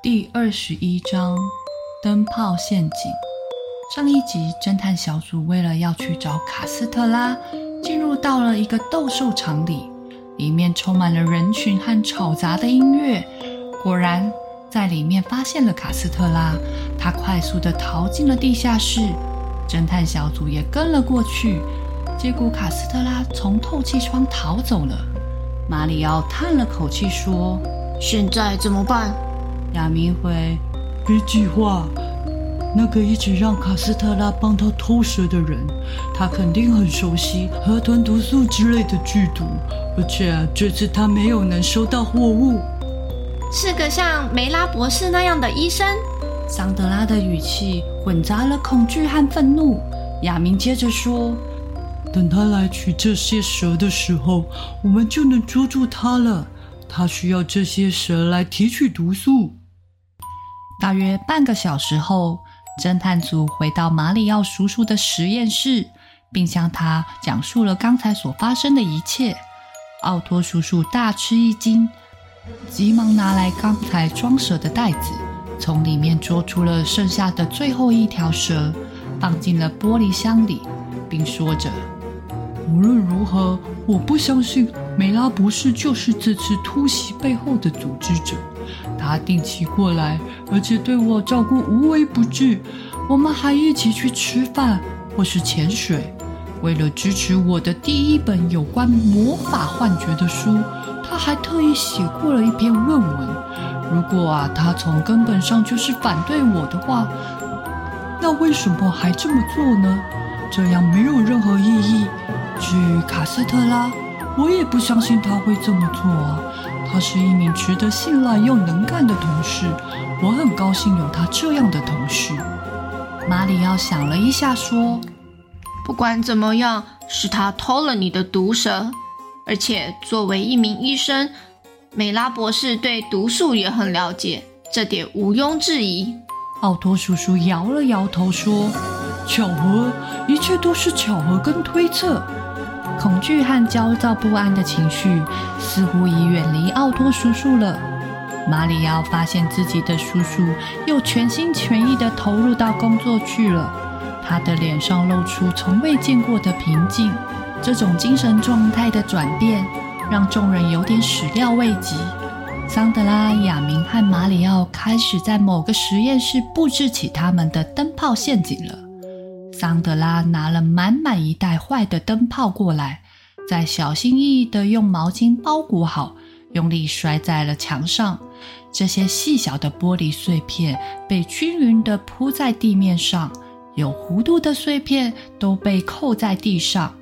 第二十一章，燈泡陷阱。上一集，偵探小組為了要去找卡斯特拉，進入到了一個鬥獸場裡，裡面充滿了人群和吵雜的音樂。果然，在裡面發現了卡斯特拉，他快速的逃進了地下室，偵探小組也跟了過去。結果，卡斯特拉從透氣窗逃走了。馬里奧嘆了口氣說：“現在怎麼辦？”亞明回，別計劃。那個一直讓卡斯特拉幫他偷蛇的人，他肯定很熟悉河豚毒素之類的劇毒。而且這、啊、次他沒有能收到貨物，是個像梅拉博士那樣的醫生。桑德拉的語氣混雜了恐懼和憤怒。亞明接着說：“等他來取這些蛇的時候，我們就能捉住他了。他需要這些蛇來提取毒素。”大約半個小時後，偵探組回到馬里奧叔叔的實驗室，並向他講述了剛才所發生的一切。奧托叔叔大吃一驚，急忙拿來剛才裝蛇的袋子，從裡面捉出了剩下的最後一條蛇，放進了玻璃箱裡，並說着：“無論如何，我不相信梅拉博士就是這次突襲背後的組織者。”他定期過來，而且對我照顧無微不至。我們還一起去吃飯或是潛水。為了支持我的第一本有關魔法幻覺的書，他還特意寫過了一篇論文。如果啊，他從根本上就是反對我的話，那為什麼還這麼做呢？這樣沒有任何意義。至於卡斯特拉。我也不相信他會這麼做啊！他是一名值得信賴又能幹的同事，我很高興有他這樣的同事。馬里奧想了一下說：“不管怎麼樣，是他偷了你的毒蛇，而且作為一名醫生，美拉博士對毒素也很了解，這點毋庸置疑。”奧托叔叔搖了搖頭說：“巧合，一切都是巧合跟推測。”恐懼和焦躁不安的情緒似乎已遠離奧托叔叔了。馬里奧發現自己的叔叔又全心全意地投入到工作去了，他的臉上露出從未見過的平靜。這種精神狀態的轉變讓眾人有點始料未及。桑德拉、亞明和馬里奧開始在某個實驗室布置起他們的燈泡陷阱了。桑德拉拿了滿滿一袋壞的燈泡過來，再小心翼翼地用毛巾包裹好，用力摔在了牆上。這些細小的玻璃碎片被均勻地鋪在地面上，有弧度的碎片都被扣在地上。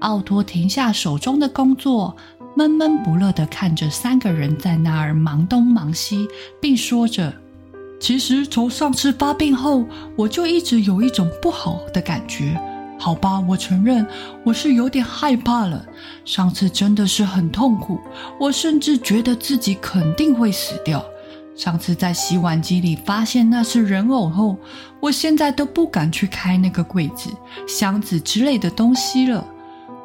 奧托停下手中的工作，悶悶不樂地看着三個人在那兒忙東忙西，並說着。其實從上次發病後，我就一直有一種不好的感覺。好吧，我承認我是有點害怕了。上次真的是很痛苦，我甚至覺得自己肯定會死掉。上次在洗碗機裡發現那是人偶後，我現在都不敢去開那個櫃子、箱子之類的東西了。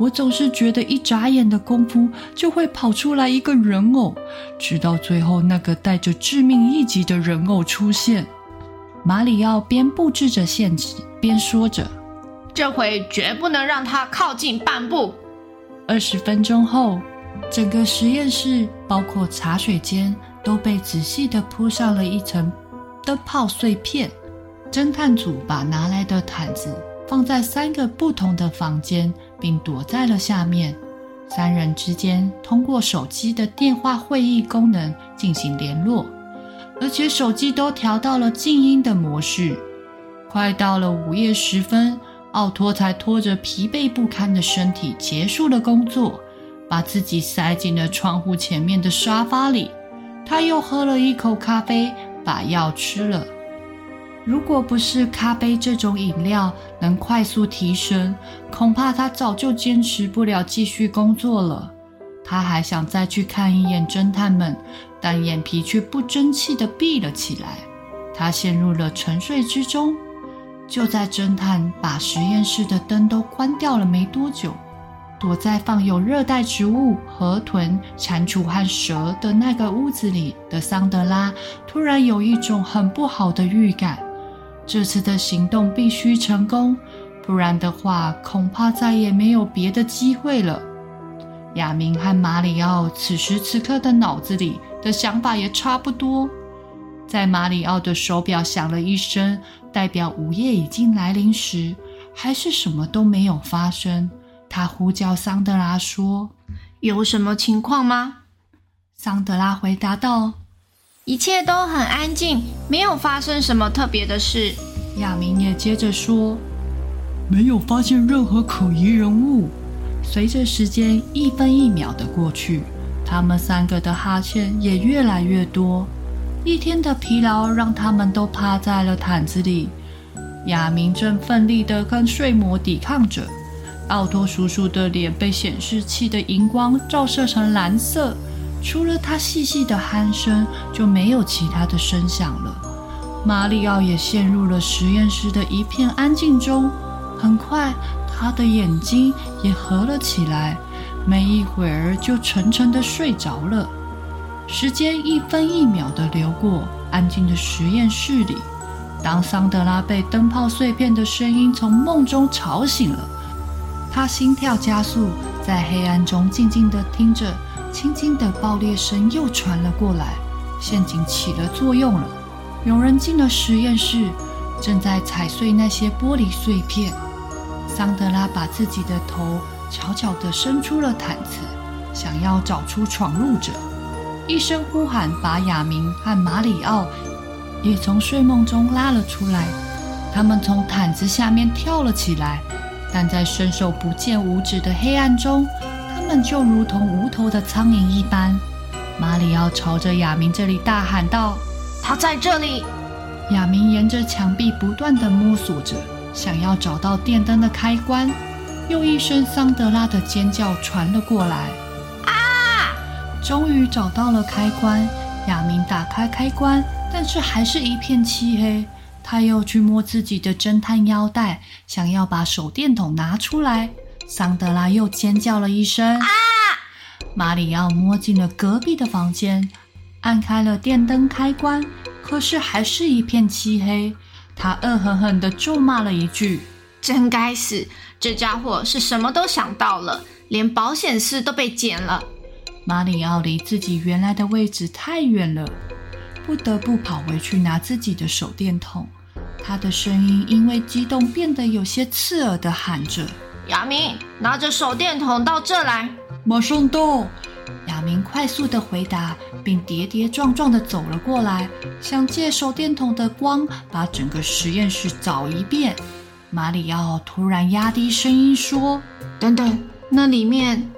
我總是覺得，一眨眼的功夫就會跑出來一個人偶，直到最後那個帶着致命一擊的人偶出現。馬里奧邊布置着陷阱，邊說着：“這回絕不能讓他靠近半步。”二十分鐘後，整個實驗室，包括茶水間，都被仔細的鋪上了一層燈泡碎片。偵探組把拿來的毯子放在三個不同的房間。並躲在了下面，三人之間通過手機的電話會議功能進行聯絡，而且手機都調到了靜音的模式。快到了午夜時分，奧托才拖着疲憊不堪的身體結束了工作，把自己塞進了窗戶前面的沙發裡，他又喝了一口咖啡，把藥吃了。如果不是咖啡這種飲料能快速提升，恐怕他早就堅持不了繼續工作了。他還想再去看一眼偵探們，但眼皮卻不爭氣地閉了起來。他陷入了沉睡之中，就在偵探把實驗室的燈都關掉了沒多久，躲在放有熱帶植物、河豚、蟾蜍和蛇的那個屋子裡的桑德拉，突然有一種很不好的預感。這次的行動必須成功，不然的話，恐怕再也沒有別的機會了。亞明和馬里奧此時此刻的腦子裡的想法也差不多。在馬里奧的手表響了一聲，代表午夜已經來臨時，還是什麼都沒有發生。他呼叫桑德拉說：“有什麼情況嗎？”桑德拉回答道。一切都很安靜，沒有發生什麼特別的事。亞明也接着說：“沒有發現任何可疑人物。”隨着時間一分一秒的過去，他們三個的哈欠也越來越多。一天的疲勞讓他們都趴在了毯子裡。亞明正奮力的跟睡魔抵抗着。奧托叔叔的臉被顯示器的熒光照射成藍色。除了他細細的鼾聲，就沒有其他的聲響了。馬里奧也陷入了實驗室的一片安靜中。很快，他的眼睛也合了起來，沒一會兒就沉沉的睡着了。時間一分一秒的流過，安靜的實驗室裡，當桑德拉被燈泡碎片的聲音從夢中吵醒了，他心跳加速，在黑暗中靜靜的聽着。輕輕的爆裂聲又傳了過來，陷阱起了作用了。有人進了實驗室，正在踩碎那些玻璃碎片。桑德拉把自己的頭悄悄地伸出了毯子，想要找出闖入者。一聲呼喊把亞明和馬里奧也從睡夢中拉了出來。他們從毯子下面跳了起來，但在伸手不見五指的黑暗中。但就如同無頭的蒼蠅一般，馬里奧朝着亞明這裡大喊道：“他在這裡！”亞明沿着牆壁不斷的摸索着，想要找到電燈的開關。又一聲桑德拉的尖叫傳了過來：“啊！”終於找到了開關，亞明打開開關，但是還是一片漆黑。他又去摸自己的偵探腰帶，想要把手電筒拿出來。桑德拉又尖叫了一聲。啊！馬里奧摸進了隔壁的房間，按開了電燈開關，可是還是一片漆黑。他惡狠狠地咒罵了一句：“真該死！這家伙是什麼都想到了，連保險絲都被剪了。”馬里奧離自己原來的位置太遠了，不得不跑回去拿自己的手電筒。他的聲音因為激動變得有些刺耳的喊着。亞明拿着手電筒到這來，馬上到。亞明快速的回答，並跌跌撞撞地走了過來，想借手電筒的光把整個實驗室找一遍。馬里奧突然壓低聲音說：“等等，那裡面……”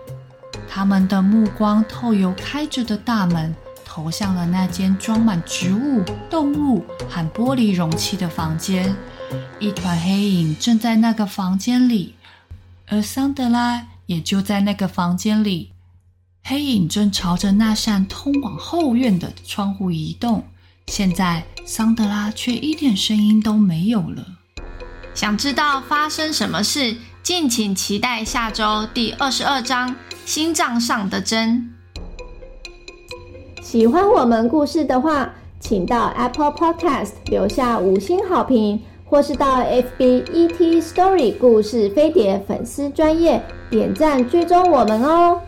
他們的目光透由開着的大門，投向了那間裝滿植物、動物和玻璃容器的房間。一團黑影正在那個房間裡。而桑德拉也就在那個房間裡，黑影正朝着那扇通往後院的窗戶移動，現在桑德拉卻一點聲音都沒有了。想知道發生什麼事？敬請期待下周第二十二章《心臟上的針》。喜歡我們故事的話，請到 Apple Podcast 留下五星好評。或是到 FB ET Story 故事飛碟粉絲專頁點贊追蹤我們哦。